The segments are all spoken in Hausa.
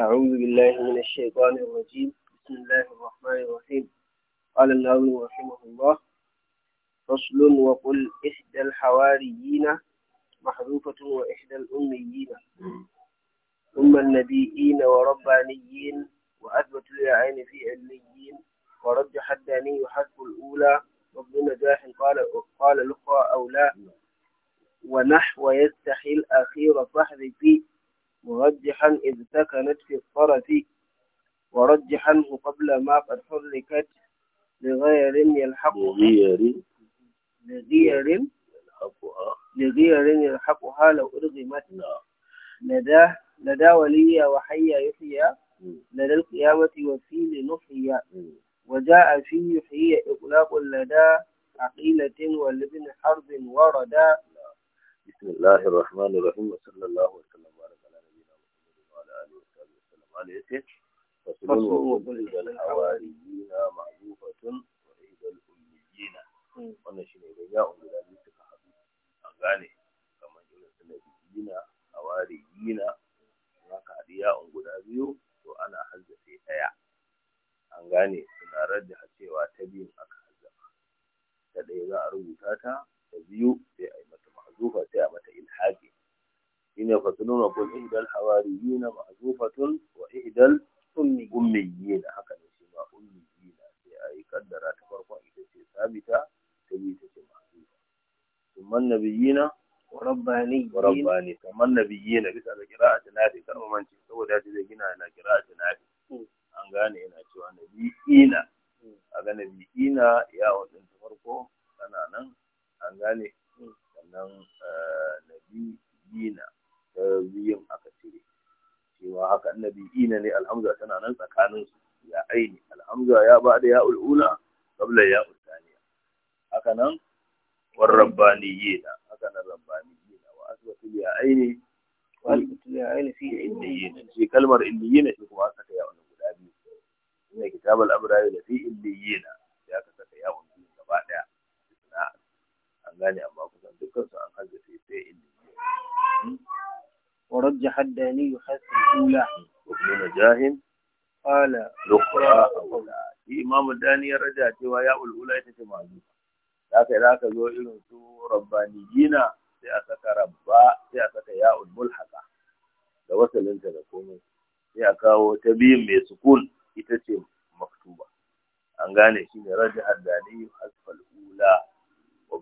أعوذ بالله من الشيطان الرجيم بسم الله الرحمن الرحيم قال النووي رحمه الله فصل وقل إحدى الحواريين محذوفة وإحدى الأميين أم النبيين وربانيين وأثبت العين في عليين ورد حداني حذف الأولى وابن نجاح قال قال الأخرى أو لا ونحو يستحي الأخير فاحذف مرجحا إذ سكنت في الطرف ورجحنه قبل ما قد حركت لغير يلحقها لغير لغير يلحقها لغير يلحقها لو أرغمت لدى لدى ولي وحي يحيى لدى القيامة وفي لنحيى وجاء في يحيى إغلاق لدى عقيلة ولبن حرب وردا بسم الله الرحمن الرحيم وصلى الله وسلم قال يتي فصل وقبل الحواريين معروفة وإذا الأميين wannan shi ne haɗu kamar guda biyu to ana hazzafe ɗaya an gane suna cewa ta biyun aka ɗaya za a rubuta ta ta biyu sai a yi mata mahzufa sai a mata ilhaƙi shine fatununa qul ihdal hawariyina ma'zufatun wa ihdal ummiyina haka ne shi ma ummiyina sai yi kaddara ta farkon ita ce sabita ta biyu ta ce ma'zufa thumma nabiyina warabbani warabbani wa rabbani thumma nabiyina bisa ga qira'at nafi kar umanci saboda ta zai gina na a tunafi hmm. an gane yana cewa nabiyina hmm. aga nabiyina ya wannan ta farko ana nan an gane hmm. sannan eh, nabiyina biyun aka cire cewa haka annabi ina ne alhamza tana nan tsakanin su ya aini alhamza ya ba da ya ulula qabla ya haka nan war rabbaniyina haka nan rabbaniyina wa asbatu ya aini kalmar da fi ya ka ya wannan an gane amma ورجح الداني حذف الأولى وابن نجاه قال الأخرى إمام الداني رجع cewa ya ulula ita ce ma'azufa haka idan aka zo irin su rabbaniyina Gina a saka rabba sai a saka ya mulhaka da wasalinta da komai sai a kawo ta biyun mai sukun ita ce maktuba an gane shi ne raja haddani asfal ula wa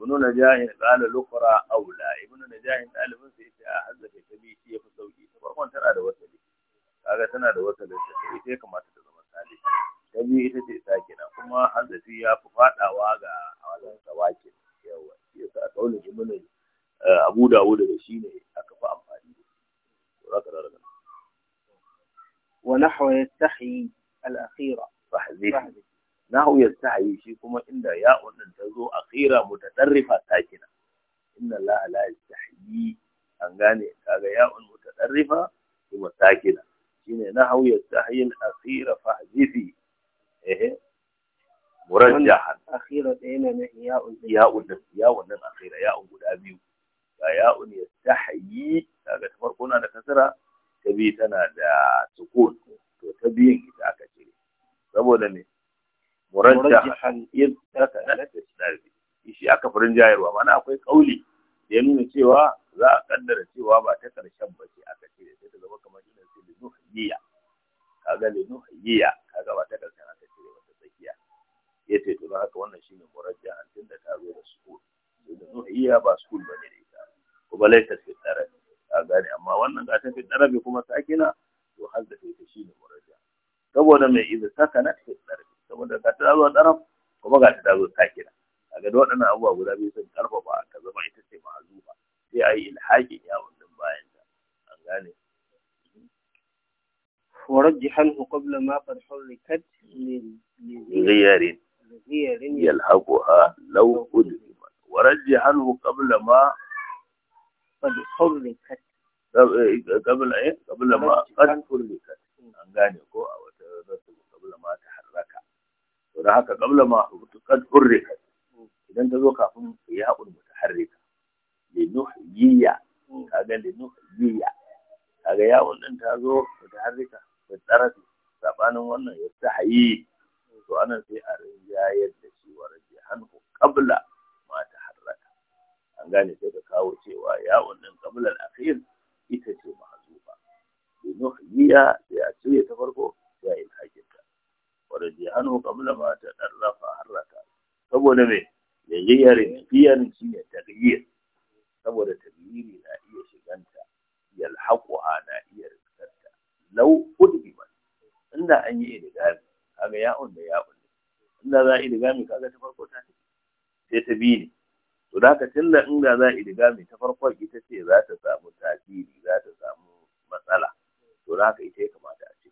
farkon tana da wasali kaga tana da wasalin ta ita ya kamata ta zama saliha ta biyu ita ce ta gina kuma hazafi ya fi fadawa ga wajen sawakin yawa shi yasa kaulin jiminin eh, abu dawo daga shi ne aka fi amfani da shi za ka rarraba wa nahwa yastahi na akhira fahzi nahwa yastahi shi kuma inda ya wannan ta zo akhira mutadarrifa sakina inna allaha la yastahi an gane kaga ya'un mutadarrifa kuma sakina shine na hauya tahyil akhira fa hadithi eh murajjahan akhira dayna ya ya'un ya'un ya'un nan akhira ya'un guda biyu ga ya'un yastahyi kaga ta farko na da kasara ta biyu tana da sukun to ta biyun ita aka ce saboda ne murajjahan yadda ka da shi aka furin jayarwa mana akwai kauli da ya nuna cewa za a kaddara cewa ba ta karshen ba ce aka ce sai ta zama kamar irin su linu hayyiya kaga linu hayyiya kaga ba ta karshen aka ce wata tsakiya ya ce to haka wannan shine murajja An tunda ta zo da sukul Sai da ba sukul ba ne da ita kuma laita fi tsara ka gane amma wannan ga ta fi tsarabi kuma sakina to har da ita shine murajja saboda mai idan ta fi tsarabi saboda ga ta zo tsara kuma ga ta zo sakina kaga da waɗannan abubuwa guda biyu sun karfafa ka zama ita ce ma'azuba sai a yi ilhakin yawon din bayan da an gane ورجحنه قبل ما قد حركت لغير يلحقها لو أدرم ورجحنه قبل ما قد حركت قبل ايه قبل ما قد حركت an gane قبل ما تحرك to قبل ما قد حركت اذا ta يا kafin linuhyiya hmm. kaga linuhyiya kaga yawon din ta zo ta harrika ta tsarafi sabanin wannan ya tahayi to anan sai a rinjayar da shi wa rajihanhu qabla ma taharraka an gane sai ka kawo cewa yawon din qabla al-akhir ita ce mahzufa linuhyiya sai a cire ta farko sai a ilhakin ta wa rajihanhu qabla ma taharraka saboda me yayyar yayyar shi ne tagyir saboda Tamiri na iya shiganta yalhaquha na iya rikarta law udgiba inda an yi idgami kaga ya'un da ya'un inda za idgami kaga ta farko ta sai ta bi ne to da haka tunda inda za idgami ta farko ita ce za ta samu tasiri za ta samu matsala to da haka ita ya kamata a ce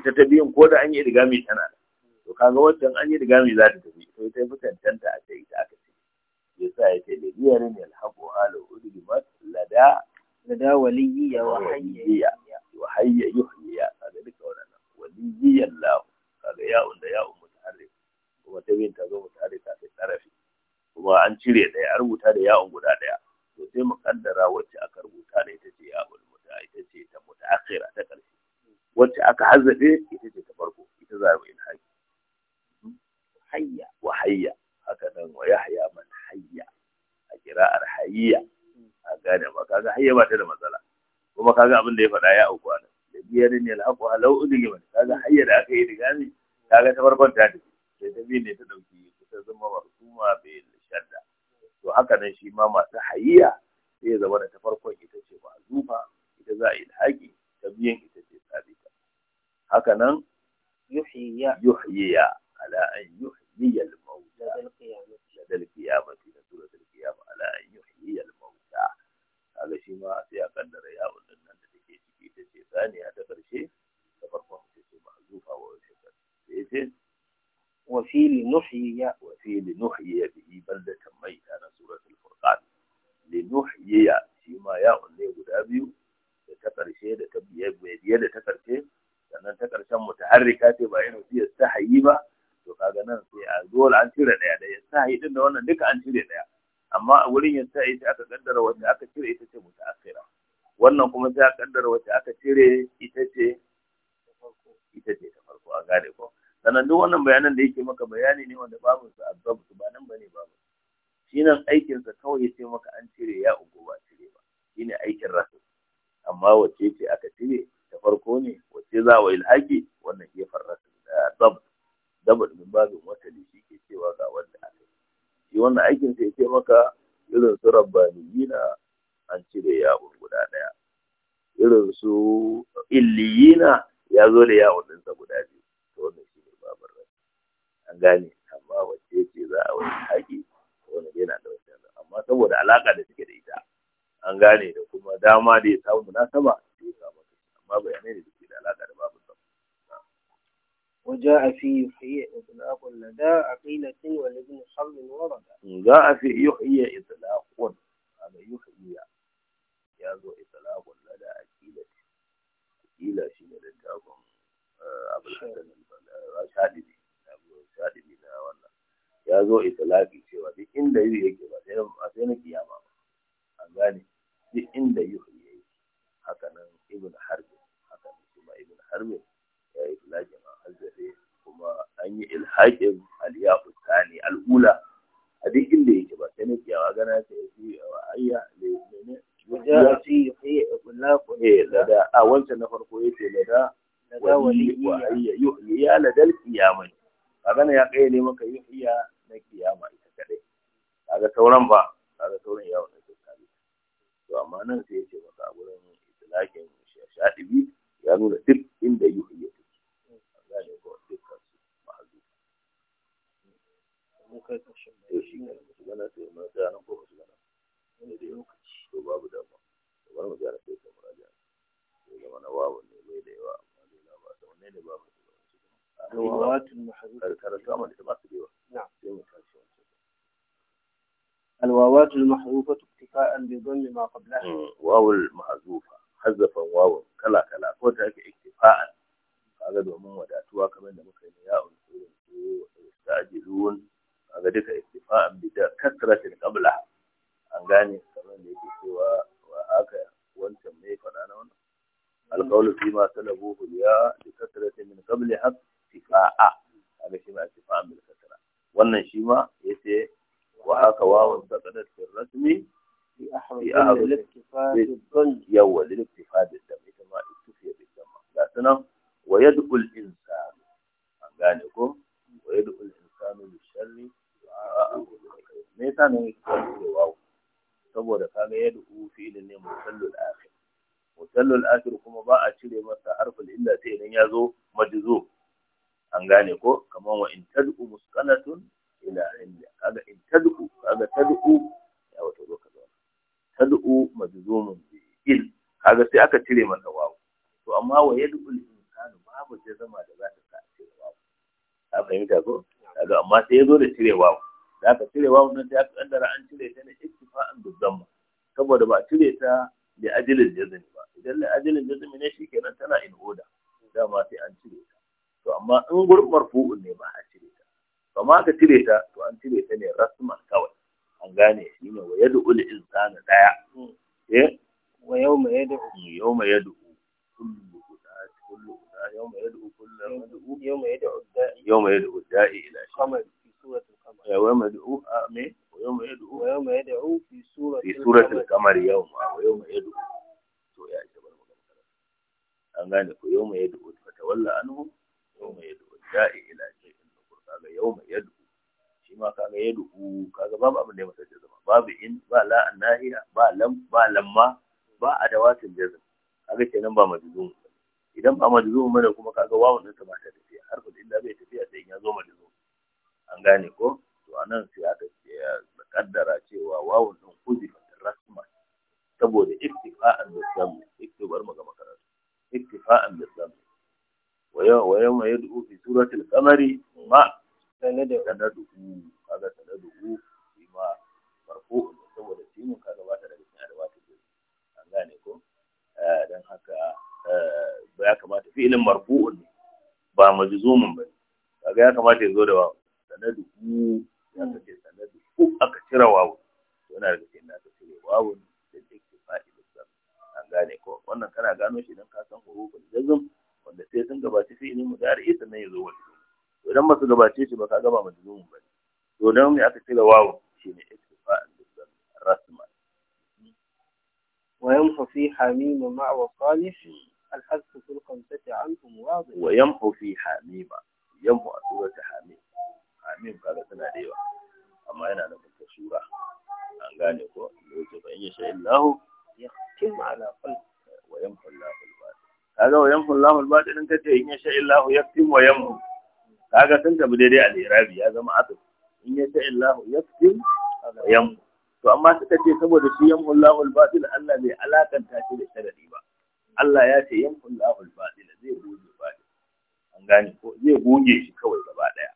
ita ta biyun ko da an yi idgami tana da to kaga wancan an yi idgami za ta tafi to ita fi cancanta a ce ita aka ce yasa ya ce da biyarin yalhaqu قال أدلمت لدى لدى وليي وحيي وحيي يحيي هذا لك ولا وليي الله هذا ياء ياء متحرك kuma ta bin ta zo mutarika ta tarafi kuma an cire ɗaya an rubuta da ya'un guda ɗaya to sai mu kaddara wacce aka rubuta da ita ce ta mutaakhira ta ƙarshe wacce aka hazzabe ita ce ta farko ita za mu ilhaki hayya wa hayya haka nan wa yahya hayya kira'ar hayya a gane ba kaga hayya ba ta da matsala kuma kaga abin da ya faɗa ya auku anan da biyar ne alhaqu halau udigman kaga hayya da aka yi digami kaga ta farkon ta tafi sai ta ne ta dauki ta zama marhuma bil shadda to haka nan shi ma masu hayya sai ya zama da ta farkon ita ce ba zufa ita za a yi haƙi ta biyan ita ce sabita haka nan yuhyiya yuhyiya ala an yuhyiya وفي لنحيي وفي لنحيي به بلدة ميتة أنا سورة الفرقان لنحيي فيما يا أني غدا بيو ta ƙarshe da ta biye da ta ƙarshe sannan ta ƙarshen mutaharrika ce ba irin su yasta hayi ba to kaga nan sai a dole an ɗaya da yasta hayi din da wannan duka an cire ɗaya amma a wurin yasta hayi aka kaddara wacce aka cire ita ce mutaakhira wannan kuma sai aka kaddara wacce aka cire wannan duk wannan bayanan da yake maka bayani ne wanda babu su azabu su ba nan bane babu shi nan aikin sa kawai yace maka an cire ya ugo ba cire ba shine aikin rasul amma wace ce aka cire Ta farko ne wace za wa ilhaki wannan ke farrasul da zab zab din babu wata da yake ke cewa ga wanda aka shi wannan aikin sa yace maka irin su rabbaniyina an cire ya guda daya irin su illiyina ya zo da yawon dama da ya samu munasaba da ya samu amma bayanai ne da ke da alaƙa da babu sa وجاء في يحيى إطلاق اللدى عقيلة ولابن حرب ورد جاء في الواوات المحذوفة اكتفاء بضم ما قبلها واو المحذوفة حذفا واو كلا كلا ko ta yake iktifa'an kaga domin wadatuwa kamar da muka yi ya unsurun su istajilun kaga duka iktifa'an bi da kasratin qabla an gane kamar da yake wa aka wancan mai fada na wannan alqawlu fi ma talabuhu ya bi kasratin min qabli hak tifa'a kaga shi ma iktifa'an bil kasra wannan shi ma yace وهاك واو سكنت في الرسم في أحد يوى للاكتفاء بالدم كما اكتفي بالدم لكن ويدعو الإنسان أنقانكم ويدعو الإنسان بالشر وعاءه بالخير ميتا نوكي واو saboda kaga ya du'u fi'ilin ne musallul akhir musallul akhir kuma ba a cire masa harful illa sai idan ya zo majzu an gane ko kaman wa in cire masa wawu to amma wa yadul insanu babu ta zama da za ta sa cire wawu ka fahimta ko kaga amma sai ya zo da cire wawu da aka cire wawu nan sai aka kaddara an cire ta ne ittifa'an bizamma saboda ba a cire ta da ajilin jazmi ba idan la ajilin jazmi ne shi kenan tana in order dama sai an cire ta to amma in gurbin marfu'un ne ba a cire ta ba ma ka cire ta to an cire ta ne rasman kawai an gane shi ne wa ul insanu daya hmm. eh wa yawma yad'u يوم يدعو يوم يدعو كل يوم يدعو إلى قمر يوم يدعو آمين ويوم يدعو ويوم يدعو في سورة في سورة القمر يوم ويوم يدعو يا جبل an gane ko yau mai yadda fata anhu yau mai da'i ila shay'in kaga yau mai shi ma kaga yadda kaga babu abin da ya masa jazama babu in ba la ba lam ba lamma ba adawatin jazama kaga kenan ba majzum idan ba majzum bane kuma kaga wawan din ta ba ta tafiya harfin illa bai tafiya sai ya zo majzum an gane ko to anan sai aka kaddara cewa wawun din ta rasma saboda iktifa'an da sam iktibar ga makaranta iktifa'an da sam wa yawma yad'u fi surati al-qamari ma kadadu haka ya kamata ya zo da wawu sanadu u ya kace sanadu u aka cire wawu to yana daga cikin da aka cire wawu da take fa'idar sa an gane ko wannan kana gano shi dan ka san hurufin jazm wanda sai sun gabaci fi'ilin mudari sannan ya zo wani to idan ba su gabace shi ba ka gaba mu zuwa ba to dan me aka cire wawu shine ittifa'an bizan rasma ويمحو في حميم مع وصالح الحذف في الخمسة عنهم واضح ويمحو في حميمة biyan mu a surar ta hamim hamim kaga tana da yawa amma yana da mutu sura an gane ko yake ba in yasha illahu yaqtim ala qalbi wa yamhu Allahu al batin kaga wa yamhu Allahu al batin in kace in yasha illahu yaqtim wa yamhu kaga sun tabi daidai al-irabi ya zama asal in yasha illahu yaqtim wa yamhu to amma suka ce saboda shi yamhu Allahu al batin Allah bai alakanta shi da sharadi ba Allah ya ce yamhu Allahu al batin zai goge ba. an gane ko zai goge shi kawai gaba ɗaya,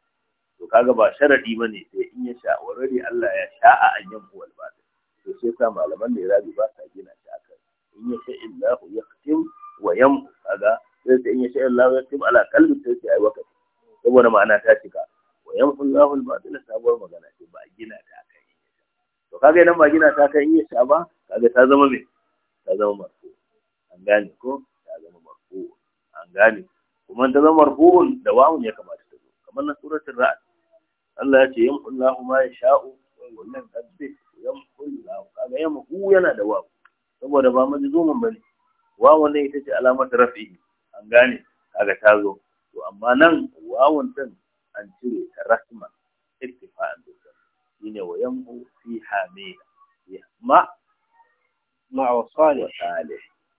to kaga ba sharadi bane sai in ya sha warare Allah ya sha'a an yan huwal batil to sai sa malaman da rabi ba sa gina shi kai, in ya sha illahu yaqtim wa yam kaga sai sai in ya sha ya yaqtim ala kalbi sai sai ai wakati saboda ma'ana ta cika wa yam Allahul al-batil sabuwar magana ce ba gina ta kai, to kaga idan ba gina ta kai in ya sha ba kaga ta zama me ta zama marfu an gane ko ta zama marfu an gane wanda zama marfu'un da wawun ya kamata ta zo kamar na suratul ra'd Allah ya ce yamhu Allahu ma yasha'u wannan kadde yamhu Allahu kaga yamhu yana da wawu saboda ba majzumun bane wawun ne ita ce alamar rafi an gane kaga ta zo to amma nan wawun din an cire ta rasman ittifa'an dukkan shine wa yamhu fi hamida ma ma wa salih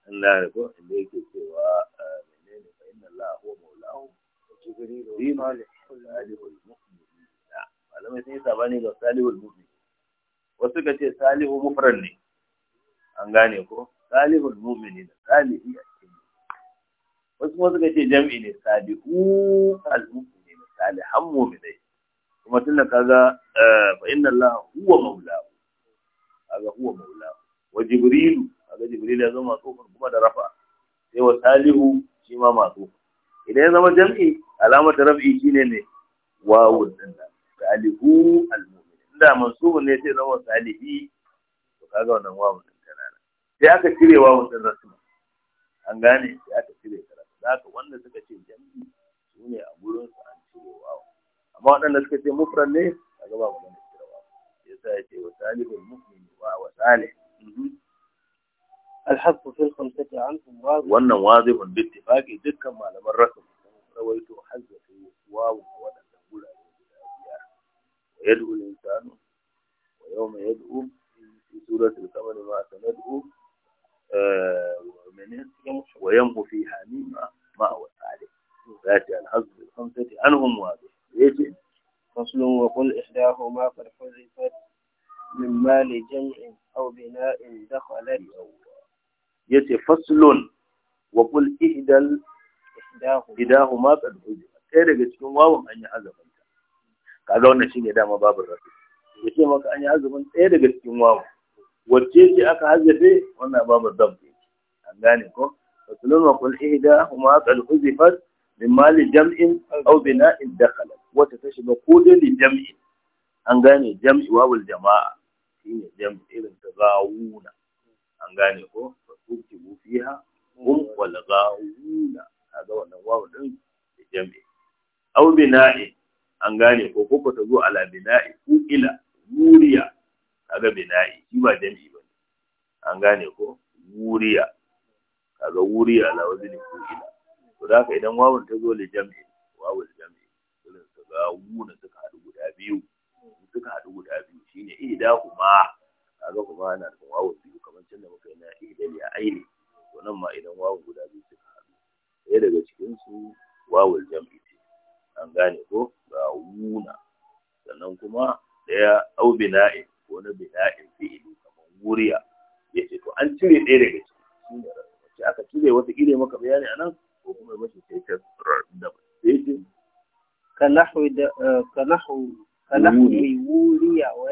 Allah ya malamai sun yi sabani ga wasu ka ce salihu mufrad ne an gane ko salihul mu'min da salihi a cikin wasu kuma suka ce jam'i ne salihu al-mu'min salihan kuma tunda kaga eh, fa inna huwa maulahu kaga huwa maulahu wa jibrilu kaga jibril ya zama tsofin kuma da rafa sai wa salihu shi ma masu idan ya zama jam'i alamar rafi shi ne wawu din nan salihu almu'min inda mansubun ne sai zama salihi to kaga wannan wawu din kana sai aka cire wawu din rasul an gane sai aka cire ta haka wanda suka ce jam'i ne a gurin su an cire wawu amma waɗanda suka ce mufrad ne kaga ba mu gane cire wawu yasa ce wa salihul mu'min wa wa salih mhm. الحق في الخمسة عنكم واضح وأن واضح باتفاق تلك ما لم الرقم رويت حزة واو ولا تقول ويدعو الإنسان ويوم يدعو في سورة الثمن ما سندعو آه، ويمحو في حميمة ما هو الثالث ذات الحظ بالخمسة عنهم واضح يجب فصل وقل إحداهما قد حذفت من مال جمع أو بناء دخلت ya ce faslun wa kul ihdal idahu ma qad ɗaya daga cikin wawan an yi azumin ta kaga wannan shine dama babu rasu. ya ce maka an yi azumin ɗaya daga cikin wawan wacce ce aka hazzafe wannan babu dabbi an gane ko faslun wa kul ihdahu ma qad huzifat min mali jam'in aw bina'in dakhala wata ta shiga ko dai jam'in an gane jam'i wawul jama'a shine jam'i irin tazawuna an gane ko ukibu fiha hum wal ghawuna kaga wannan wawu din da jami aw bina'i an gane ko ko ta zo ala bina'i ku ila wuriya kaga bina'i shi ba jami bane an gane ko wuriya kaga wuriya la wazin ku ila to da idan wawun ta zo li jami'i wawul jam'i. irin ka ga wuna suka haɗu guda biyu suka haɗu guda biyu shine idahuma kaga kuma yana da bina'in ko na bina'in fi'ili kamar wuriya ya ce to an cire ɗaya daga ciki aka cire wata ile maka bayani anan ko kuma mace sai ta da sai ce ka da eh, ka nahwi ka wuriya wa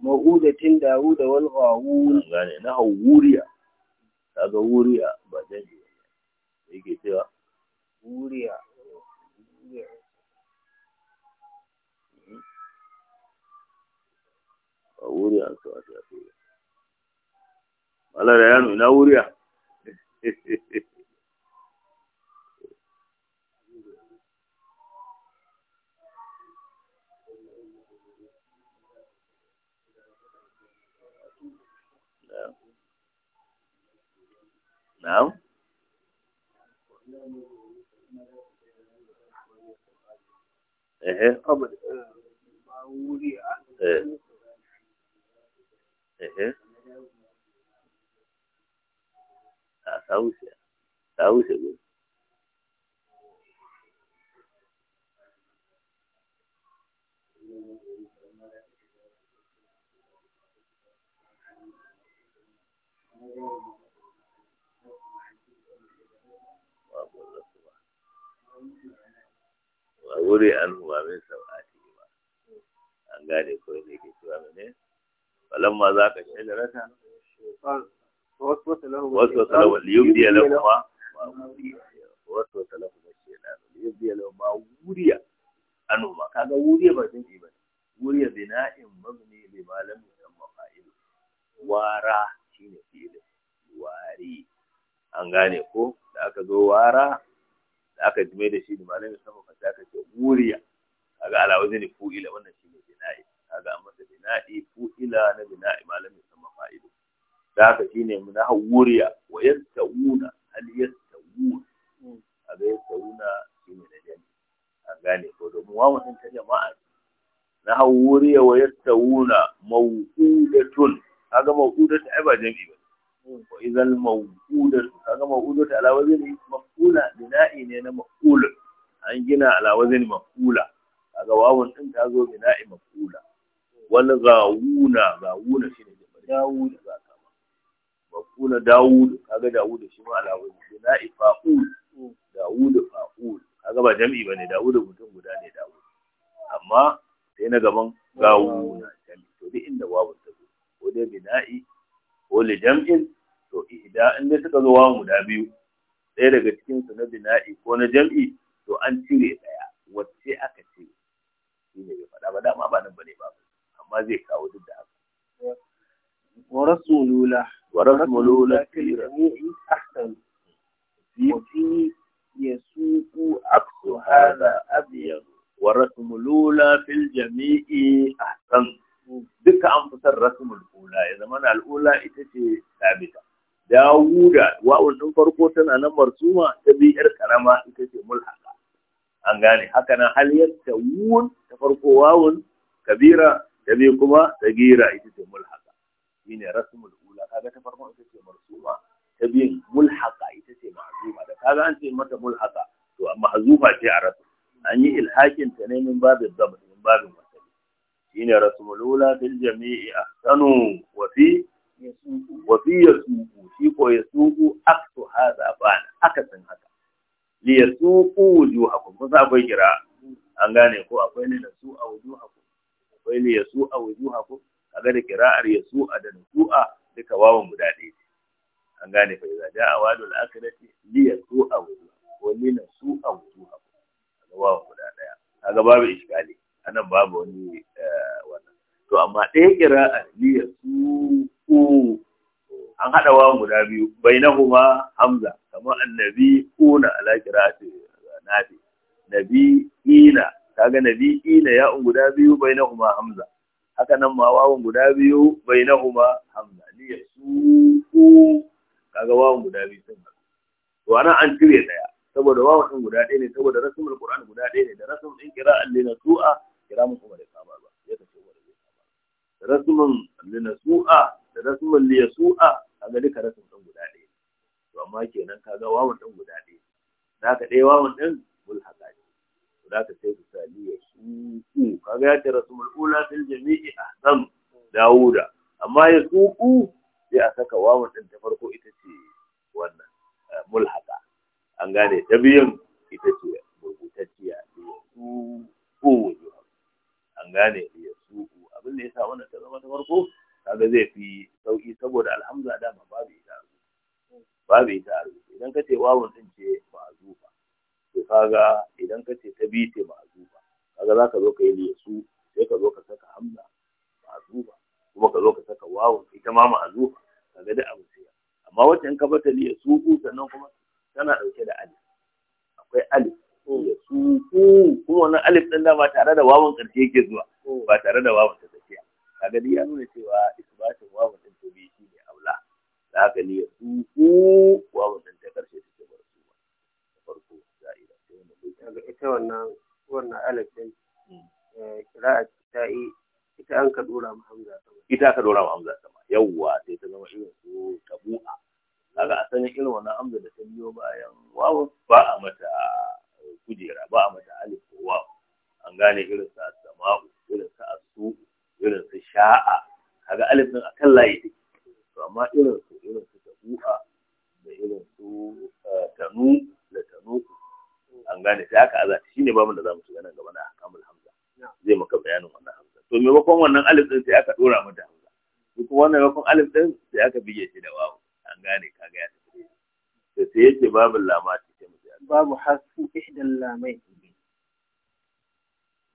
wa dawuda wal ghawun gane wuriya kaga wuriya wala da nuna ina wuriya Na'am? Ehe, Ehe. tak tahu saya. Tahu saya. Wahuri anhu amin sabati wa angari kau ini kisah ini. Kalau mazak saya jelaskan. ووسوس له وسوس له ليبدي له وسوس له الشيطان ليبدي له ما وري كذا وري بعدين إيمان وري بناء مبني لما لم يسمى فاعله وارا شين فيله wari an gane ko da aka zo wara da aka jime da shi da malami sama ka aka ce wuriya fu'ila wannan shine bina'i kaga amma da bina'i fu'ila na bina'i malami sama fa'idu da haka shine na hawuriya wa wuna, hal yastawuna aga yastawuna shine na jami an gane ko domin wawan din ta jama'a na hawuriya wa wuna mawqudatun kaga mawqudatu ai ba jami'i ba wa idan mawudatu kaga mawqudatu ala wazni maf'ula bina'i ne na mafula an gina ala wazni maf'ula kaga wawan din ta zo bina'i maf'ula wal gawuna gawuna shine jama'a yakuna Dawud kaga Dawud shi ma alawun shi na ifa'ul Dawud fa'ul kaga ba jam'i bane Dawud mutum guda ne Dawud amma sai na gaban gawuna jam'i to duk inda wawu ta zo ko dai bina'i ko li jam'in to idan in dai suka zo wawu guda biyu ɗaya daga cikin su na bina'i ko na jam'i to an cire ɗaya wacce aka ce shi ne bai faɗa ba dama ba nan bane ba amma zai kawo duk da haka wa rasulullah ورحم الأولى أحسن وفي يسوق عكس هذا أبيض ورسم الأولى في الجميع أحسن بك أن الرسم الأولى إذا ما الأولى إتتي ثابتة داوودا واول دون فرقو انا مرسومة تبي ار كرما يكتي ملحقا ان غاني هكذا حاليا يتوون تفرقوا واول كبيره تبي كما تجيرة يكتي ملحقة. يعني رسم الأولى. mausula kaga ta farko ita ce marsuma ta biyan mulhaka ita ce ma'azuma da kaga an ce mata mulhaka to ma'azuma ce a rasu an yi ilhakin ta ne min babin zaba min babin wasali shine rasulula fil jami'i ahsanu wa fi wa fi yasuqu shi ko yasuqu aktu hadha bana aka san haka li yasuqu wujuhakum kusa akwai kira an gane ko akwai ne da su a wujuhakum akwai li yasuqu wujuhakum kaga da kira'ar yasu'a da nusu'a duka wawan guda ɗaya ce an gane fa idza jaa wadul akhirati li yasu awdu wa li nasu awdu kaga wawan guda ɗaya kaga babu iskali anan babu wani eh, wannan to amma ɗaya qira'a li yasu an hada wawan guda biyu bainahuma hamza kamar annabi una ala qira'ati nafi nabi ina kaga nabi ina ya guda biyu bainahuma hamza haka nan ma wawan guda biyu bainahuma hamza ya suku kaga wawan guda biyu sun haɗu to ana an cire ɗaya saboda wawan ɗin guda ɗaya ne saboda rasul alquran guda ɗaya ne da rasul ɗin kira Allina su'a kira mu kuma da saba ba ya tafi wa da saba da rasulun lina su'a da rasulun liya su'a kaga duka rasul ɗin guda ɗaya ne. to amma kenan kaga wawan ɗin guda ɗaya da ka ɗaya wawan ɗin haka ne za ka sai su ya su kaga ya ce rasul ula fil jami'i ahsam dawuda amma ya suku sai a saka wawun ɗin ta farko ita ce wannan eh, mulhaka an gane ta biyun ita ce rubutacciya su zuwa. an gane ya su abin da ya sa wannan ta zama ta farko kaga zai fi sauki saboda alhamza dama babu ita babu ita idan ka ce wawun ɗin ce ma'azufa to kaga idan ka ce ta bi ce ma'azufa kaga za ka zo ka yi liyasu sai ka zo ka saka kuma ka zo ka saka wawo ita ma ka kaga da abu sai amma wacce in ka bata ya suku sannan kuma tana dauke da alif akwai alif suku kuma wannan alif din da ba tare da wawon karshe yake zuwa ba tare da wawon ta tsakiya kaga dai ya nuna cewa isbatin wawun din to bi shi ne aula da haka ya suku wawun din ta karshe ta ba su ba farko za'ira sai wannan ita wannan wannan alif din hmm. eh, kira'a ta yi ita an ka dora mu hamza sama ita ka dora mu hamza sama yawwa sai ta zama irin su tabu'a kaga a sanin irin wannan hamza da ta biyo bayan wawu ba a mata eh, kujera ba a mata alif ko wawu an gane irin sa sama'u irin sa asu irin sa sha'a kaga alif din akan layi take to amma irin su irin su tabu'a da irin su eh, tanu da tanu an gane sai haka azata shine babu da zamu shiga nan gaba na kamul hamza zai maka bayanin wannan to maimakon wannan alif din sai aka dora mata hamza duk wannan maimakon alif din sai aka bige shi da wawu an gane kaga ya tafi to sai yake babu lama cikin mutum babu hasu ihdan lamai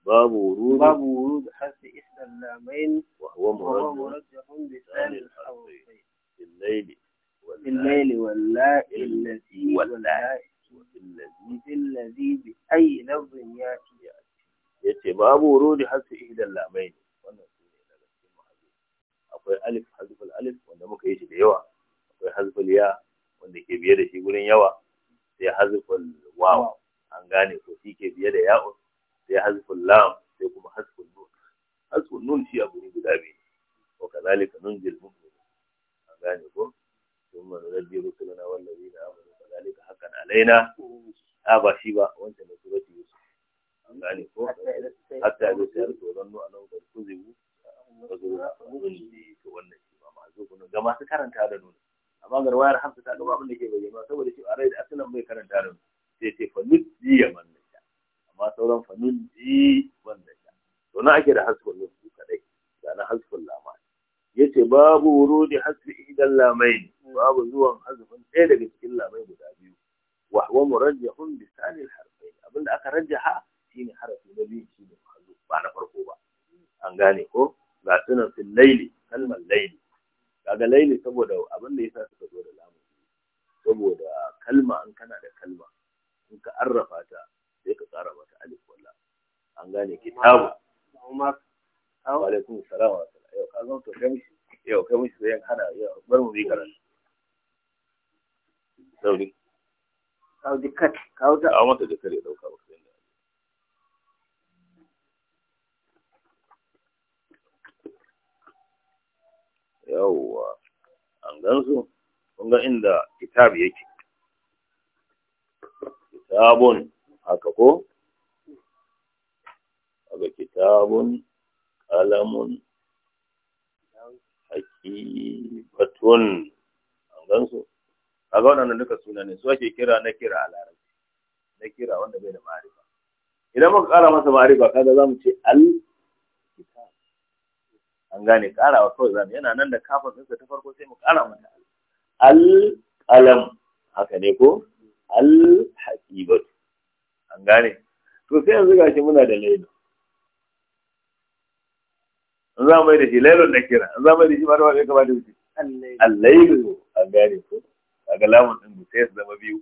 babu wurud babu wurud hasu ihdal lamain wa huwa murajjahun bi sanil hawfi bil layli بالليل واللاء الذي واللاء الذي بالذي بأي لفظ يأتي ya ce babu wuro da hasu ihidan lamai ne wannan su ne daga cikin ma'azu akwai alif hazful alif wanda muka yi shi da yawa akwai hazful ya wanda ke biye da shi gurin yawa sai hazful wawa an gane ko shi ke biye da ya'un sai hazful lam sai kuma hazful nun hazful nun shi abu ne guda biyu wa kazalika jil mu'min an gane ko thumma nunajji rusulana wallazina amanu kazalika hakan alaina a ah, ba shi ba wancan da an gane ko hatta ya sai alko zannu a nan barku zai bu to wannan shi ba mazu kun ga masu karanta da nuna amma garwayar hamsa ta ga abin da ke bayyana saboda shi a rai da asalin bai karanta da nuna sai sai fa nuddi ya manna amma sauran fa nuddi wanda sha to na ake da hasbun nuddi kadai ga na hasbun lamai yace babu wurudi hasbi idan lamai babu zuwan hazfin ɗaya daga cikin lamai guda biyu wa huwa murajjahun bi sani al-harfain abinda aka rajjaha shine harafi na biyu shine ba na farko ba an gane ko ga sunan fil laili kalmar laili kaga laili saboda abin da yasa suka zo da lamu saboda kalma an kana da kalma in ka arrafa ta sai ka tsara mata alif walla an gane kitabu wa alaikum salam wa rahmatullahi yau ka zo to kai mishi yau kai mishi sai hana yau bar mu bi karatu sauri kawo jikat kawo ta a mata jikat ya dauka ga inda kitab yake kitabun haka ko haka kitabun kalamun hakibatun an gansu haka waɗannan duka suna ne su ake kira na kira a larabci na kira wanda bai da ma'arifa idan muka kara masa ma'arifa kaga za mu ce al an gane ƙarawa kawai zamu yana nan da kafa sunsa ta farko sai mu kara mata al Al'alam haka ne ko al alhaƙibatu an gane to sai yanzu gashi muna da lailun an za mai da shi lailun na kira an za mai da shi da marwa bai kamata wuce allailu an gane ko a ga lamun ɗin sai su zama biyu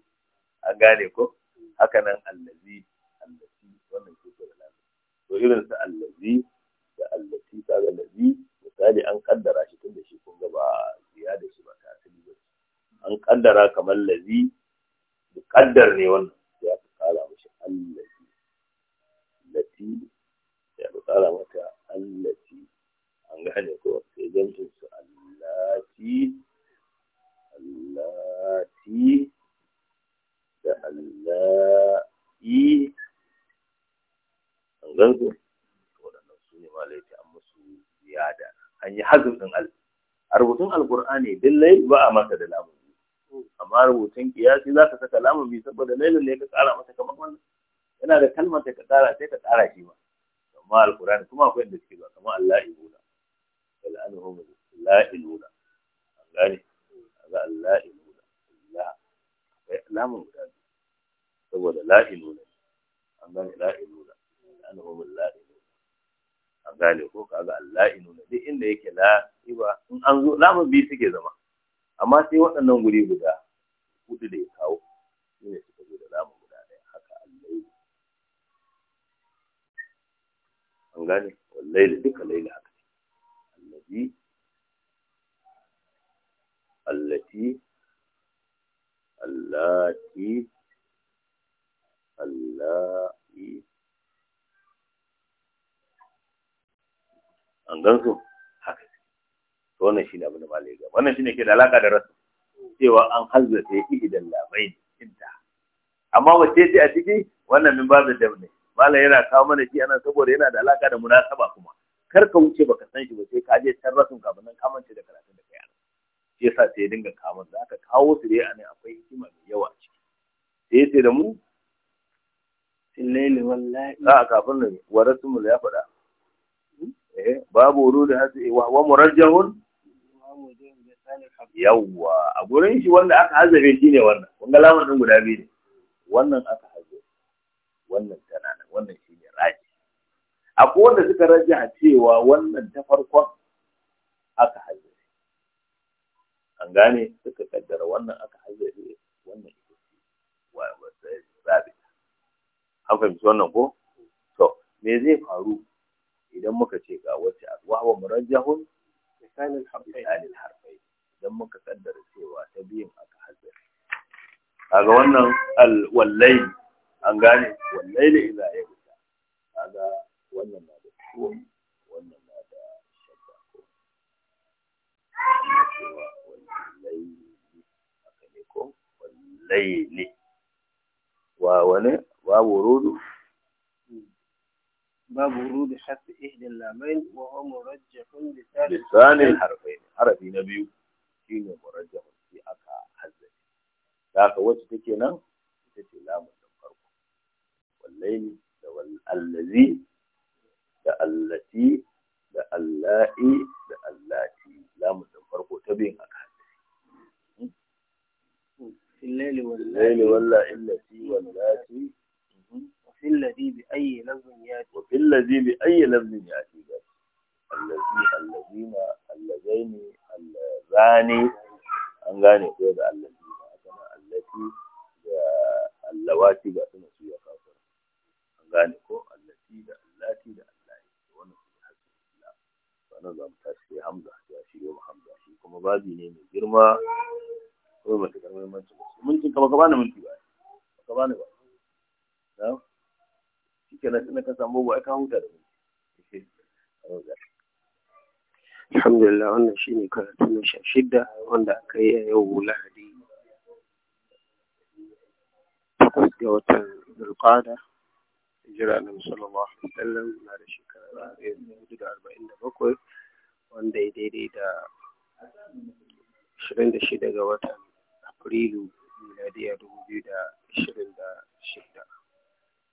an gane ko haka nan allazi allazi wannan ke da lamun to irin su allazi da allazi ta ga lazi misali an kaddara shi tun da shi kun ga ba ziyada shi ba an kaddara kamar lazi kaddar ne wannan ya fi kara mashi allazi lati ya fi kara mata allati an gane ko sai jam'in su allati allati da allahi an gane ko waɗannan su ne malaiti an musu ziyada an yi hazin ɗin al a rubutun alƙur'ani dillai ba a masa da lamu marubucin kiyasi za ka saka lamun bi saboda lailun ne ka tsara masa kamar wannan yana da kalmar ta ka tsara sai ka tsara shi ba amma alqur'ani kuma akwai da suke ba kamar Allah ibuna wal anhum la iluna gani ga Allah nuna la akwai lamun guda saboda la iluna an gani nuna. iluna anhum la iluna an gane ko kaga Allah iluna duk inda yake la iba in an zo lamun bi suke zama amma sai waɗannan guri guda hudu da ya kawo shi ne suka zo da namu guda ɗaya haka allai an gane duka haka ne allati allati an gan su haka to wannan shi ne abin da malai ga wannan shi ne ke da alaƙa da rasu cewa an hazzace idan labai inda amma wace ce a ciki wannan min babu da ne mala yana kawo mana shi ana saboda yana da alaka da munasaba kuma kar ka wuce baka san shi ba sai ka je can rasun kafin nan kamance da karatun da kai a shi yasa sai dinga kawo da aka kawo su dai anan akwai hikima mai yawa a ciki sai yace da mu illaili wallahi a kafin nan warasumul ya faɗa hmm? eh babu wuru da hasi wa wa murajjahun yawwa a gurin shi wanda aka hazabe shi ne wannan kun ga ɗin guda biyu ne wannan aka hazabe wannan tana nan wannan shi ne raji akwai wanda suka a cewa wannan ta farkon aka hazabe an gane suka kaddara wannan aka hazabe wannan ita ce wa zabe an fahimci wannan ko to me zai faru idan muka ce ga wacce wa huwa murajjahun ne harf idan muka kaddara cewa ta biyun aka hazzara kaga wannan wallai an gane wallai ne iza ya wuta kaga wannan na da tuwo wannan na da shadda ko cewa wallai haka ne ko wallai ne wa wani babu rudu باب ورود حرف إحدى اللامين وهو مرجح لسان الحرفين na biyu. shi ne murajjahun sai aka hazzace da haka wacce take nan ita ce lamun da farko wallahi da wallazi da allati da allahi da allati lamun da farko ta bin aka الليل ولا التي واللاتي وفي الذي بأي لفظ يأتي وفي الذي بأي لفظ يأتي الذي الذين اللذين gane an gane ko da allafi ba aka nan allafi da allawati ga suna su ya kafa an gane ko allafi da allati da allahi da wannan su haƙƙi Allah wannan za mu tashi sai hamza ya shi mu hamza shi kuma babi ne mai girma ko ba ta karɓar mun ci kama ka bani ci ba ka bani ba na shi kenan tunda ka samu ba ka huta da minti Alhamdulillah wannan shi ne karatu na sha shida wanda aka yi a yau Lahadi takwas ga watan Zulqada jira na sallallahu alaihi na da shekara yanzu da arba'in da bakwai wanda ya daidai da ashirin da shida ga watan Afrilu miladiya dubu biyu da ashirin da shida.